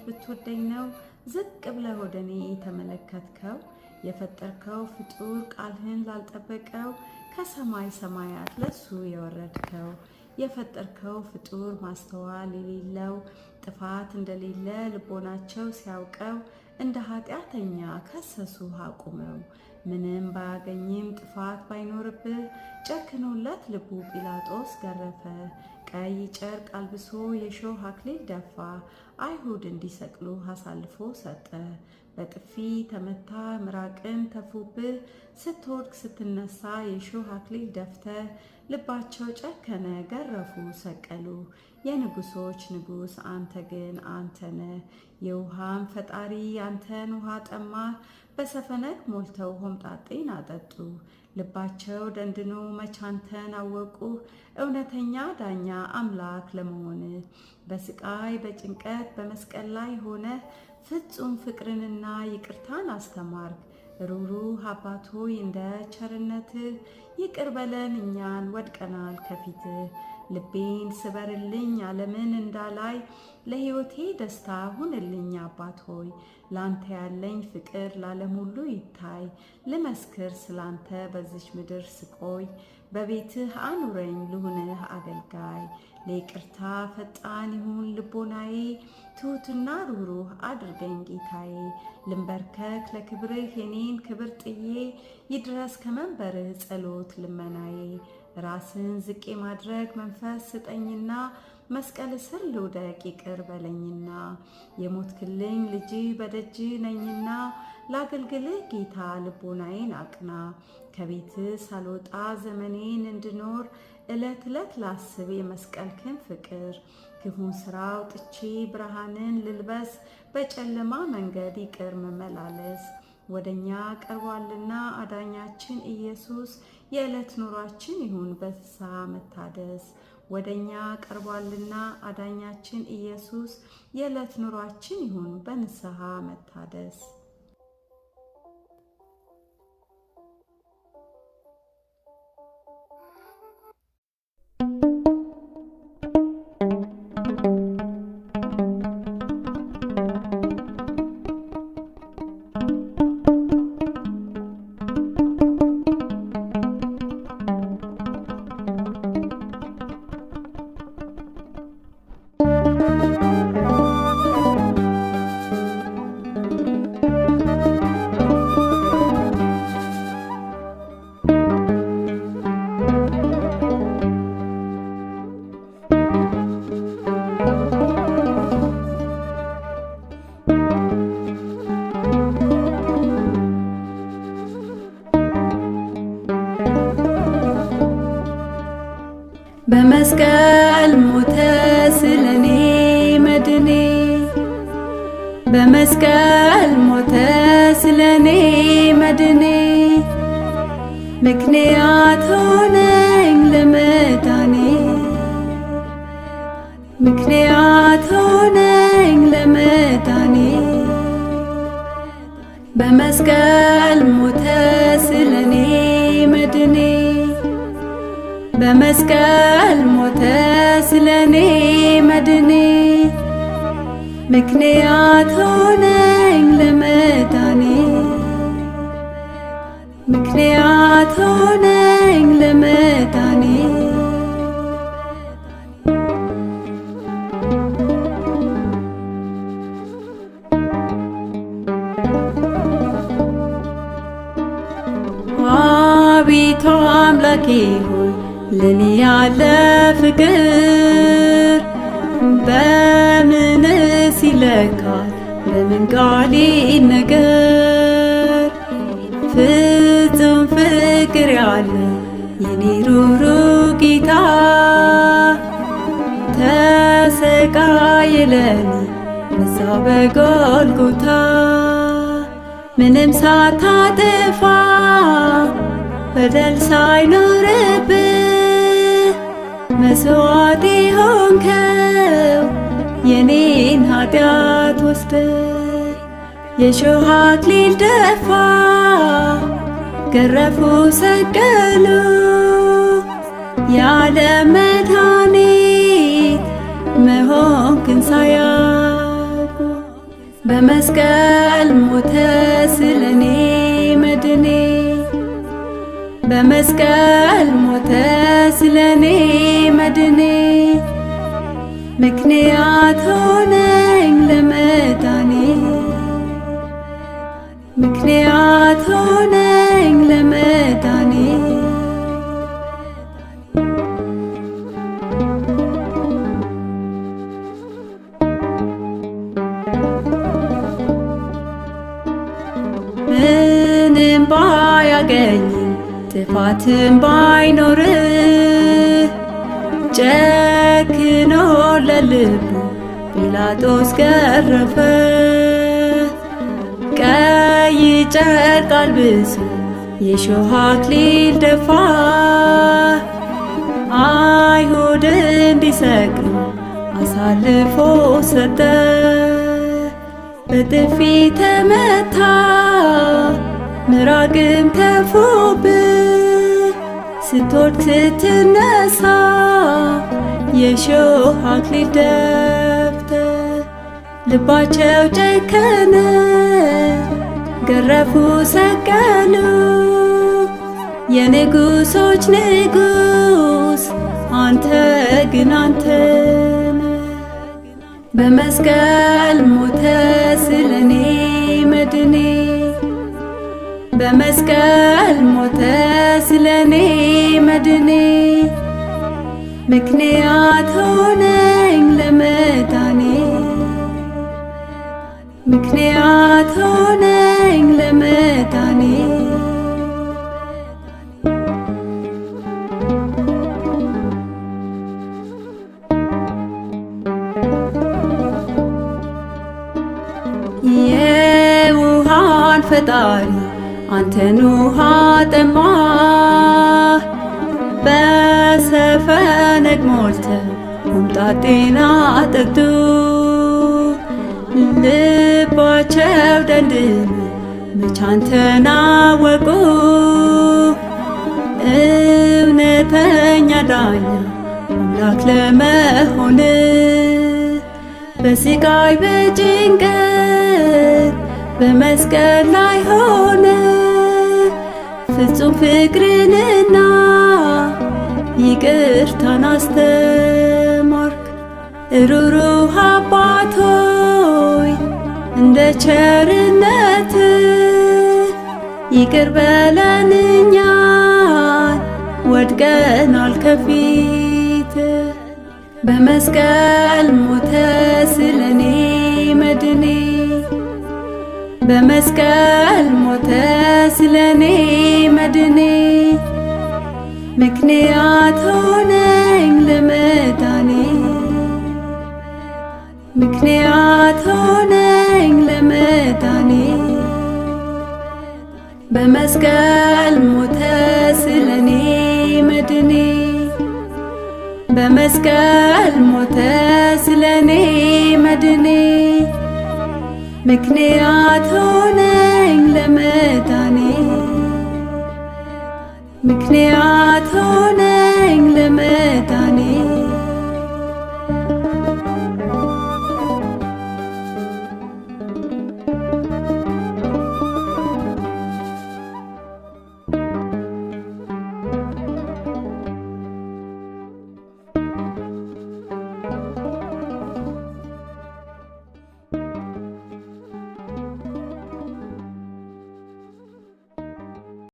እንዴት ብትወደኝ ነው ዝቅ ብለህ ወደ እኔ የተመለከትከው? የፈጠርከው ፍጡር ቃልህን ላልጠበቀው ከሰማይ ሰማያት ለሱ የወረድከው የፈጠርከው ፍጡር ማስተዋል የሌለው ጥፋት እንደሌለ ልቦናቸው ሲያውቀው እንደ ኃጢአተኛ ከሰሱ አቁመው። ምንም ባያገኝም ጥፋት ባይኖርብህ ጨክኖለት ልቡ ጲላጦስ ገረፈ። ቀይ ጨርቅ አልብሶ የሾህ አክሊል ደፋ፣ አይሁድ እንዲሰቅሉ አሳልፎ ሰጠ። በጥፊ ተመታ፣ ምራቅን ተፉብህ፣ ስትወድቅ ስትነሳ የሾህ አክሊል ደፍተ ልባቸው ጨከነ፣ ገረፉ፣ ሰቀሉ። የንጉሶች ንጉስ አንተ ግን አንተነ የውሃን ፈጣሪ አንተን ውሃ ጠማ። በሰፈነግ ሞልተው ሆምጣጤን አጠጡ። ልባቸው ደንድኖ መቻንተን አወቁ። እውነተኛ ዳኛ አምላክ ለመሆን በስቃይ በጭንቀት በመስቀል ላይ ሆነ ፍጹም ፍቅርንና ይቅርታን አስተማርክ። ሩሩህ አባት ሆይ እንደ ቸርነትህ ይቅር በለን እኛን ወድቀናል ከፊትህ። ልቤን ስበርልኝ ዓለምን እንዳላይ ለሕይወቴ ደስታ ሁንልኝ አባት ሆይ። ላንተ ያለኝ ፍቅር ላለም ሁሉ ይታይ፣ ልመስክር ስላንተ በዚች ምድር ስቆይ። በቤትህ አኑረኝ ልሁንህ አገልጋይ ለይቅርታ ፈጣን ይሁን ልቦናዬ፣ ትሁትና ሩህሩህ አድርገኝ ጌታዬ። ልንበርከክ ለክብርህ የኔን ክብር ጥዬ፣ ይድረስ ከመንበርህ ጸሎት ልመናዬ። ራስን ዝቄ ማድረግ መንፈስ ስጠኝና መስቀል ስር ልውደቅ ይቅር በለኝና የሞት ክልኝ ልጅ በደጅ ነኝና ለአገልግልህ ጌታ ልቦናዬን አቅና። ከቤት ሳልወጣ ዘመኔን እንድኖር ዕለት ዕለት ላስብ የመስቀልክን ፍቅር። ክፉን ስራ አውጥቼ ብርሃንን ልልበስ፣ በጨለማ መንገድ ይቅር መመላለስ። ወደኛ ቀርቧልና አዳኛችን ኢየሱስ፣ የዕለት ኑሯችን ይሁን በፍስሐ መታደስ። ወደኛ ቀርቧልና አዳኛችን ኢየሱስ፣ የዕለት ኑሯችን ይሁን በንስሐ መታደስ። በመስቀል ሞተ ስለኔ መድኔ በመስቀል ሞተ ስለኔ መድኔ ምክንያት ሆነኝ ለመዳኔ ምክንያት ሆነኝ ለመዳኔ በመስቀል በመስቀል ሞተ ስለኔ መድኔ ምክንያት ሆነኝ ለመዳኔ ምክንያት ሆነኝ ለመዳኔ አቤቱ አምላኬ ለኔ ያለ ፍቅር በምንስ ይለካል? በምን ቃል ይነገር? ፍጹም ፍቅር ያለ የኔ ሩሩ ጌታ ተሰቃየ ለኔ በዛ በጎልጎታ ምንም ሳታጠፋ በደል ሳይኖርብ መስዋዕት ሆንከው የኔን ኃጢአት ወስደ የሾህ አክሊል ደፋ ገረፉ ሰቀሉ የዓለም መድኃኒት መሆንክን ሳያውቁ በመስቀል ሞተ ስለኔ በመስቀል ሞተ ስለኔ መድኔ ምክንያት ሆነኝ ለመዳኔ ምክንያት ሆነኝ ለመዳኔ ምንም ባያገኝ ጥፋትም ባይኖር ጨክኖ ለልቡ ጲላጦስ ገረፈ። ቀይ ጨርቅ አልብሶ የሾህ አክሊል ደፋ። አይሁድ እንዲሰቅሉ አሳልፎ ሰጠ። በጥፊ ተመታ፣ ምራቅም ተፎብን ስትወድቅ ስትነሳ የሾህ አክሊል ደፍተህ ልባቸው ጨከነ፣ ገረፉ፣ ሰቀሉ። የንጉሶች ንጉስ አንተ ግን አንተ በመስቀል ሞተ ስለኔ መድኔ በመስቀል ሞተ ስለኔ መድኔ ምክንያት ሆነኝ ለመዳኔ ምክንያት ሆነኝ ለመዳኔ የውሃን ፈጣሪ አንተን ውሃ ጠማ በሰፈነግ ሞልተህ ሆምጣጤን አጠግቶ ልባቸው ደንድኖ መቼ አንተን አወቁ እውነተኛ ዳኛ አምላክ ለመሆን በስቃይ በጭንቀት በመስቀል ላይ ሆነ ፍጹም ፍቅርንና ይቅርታን አስተማርክ ሩሩህ አባት ሆይ እንደ ቸርነት ይቅር በለን እኛን ወድቀናል ከፊት በመስቀል ሞተ ስለኔ መድኔ በመስቀል ሞተ ስለኔ መድኔ ምክንያት ሆነኝ ለመዳኔ ምክንያት ሆነኝ ለመዳኔ በመስቀል ሞተ ስለኔ መድኔ በመስቀል ሞተ ስለኔ መድኔ ምክንያት ሆነኝ ለመዳኔ ምክንያት ሆነኝ ለመዳኔ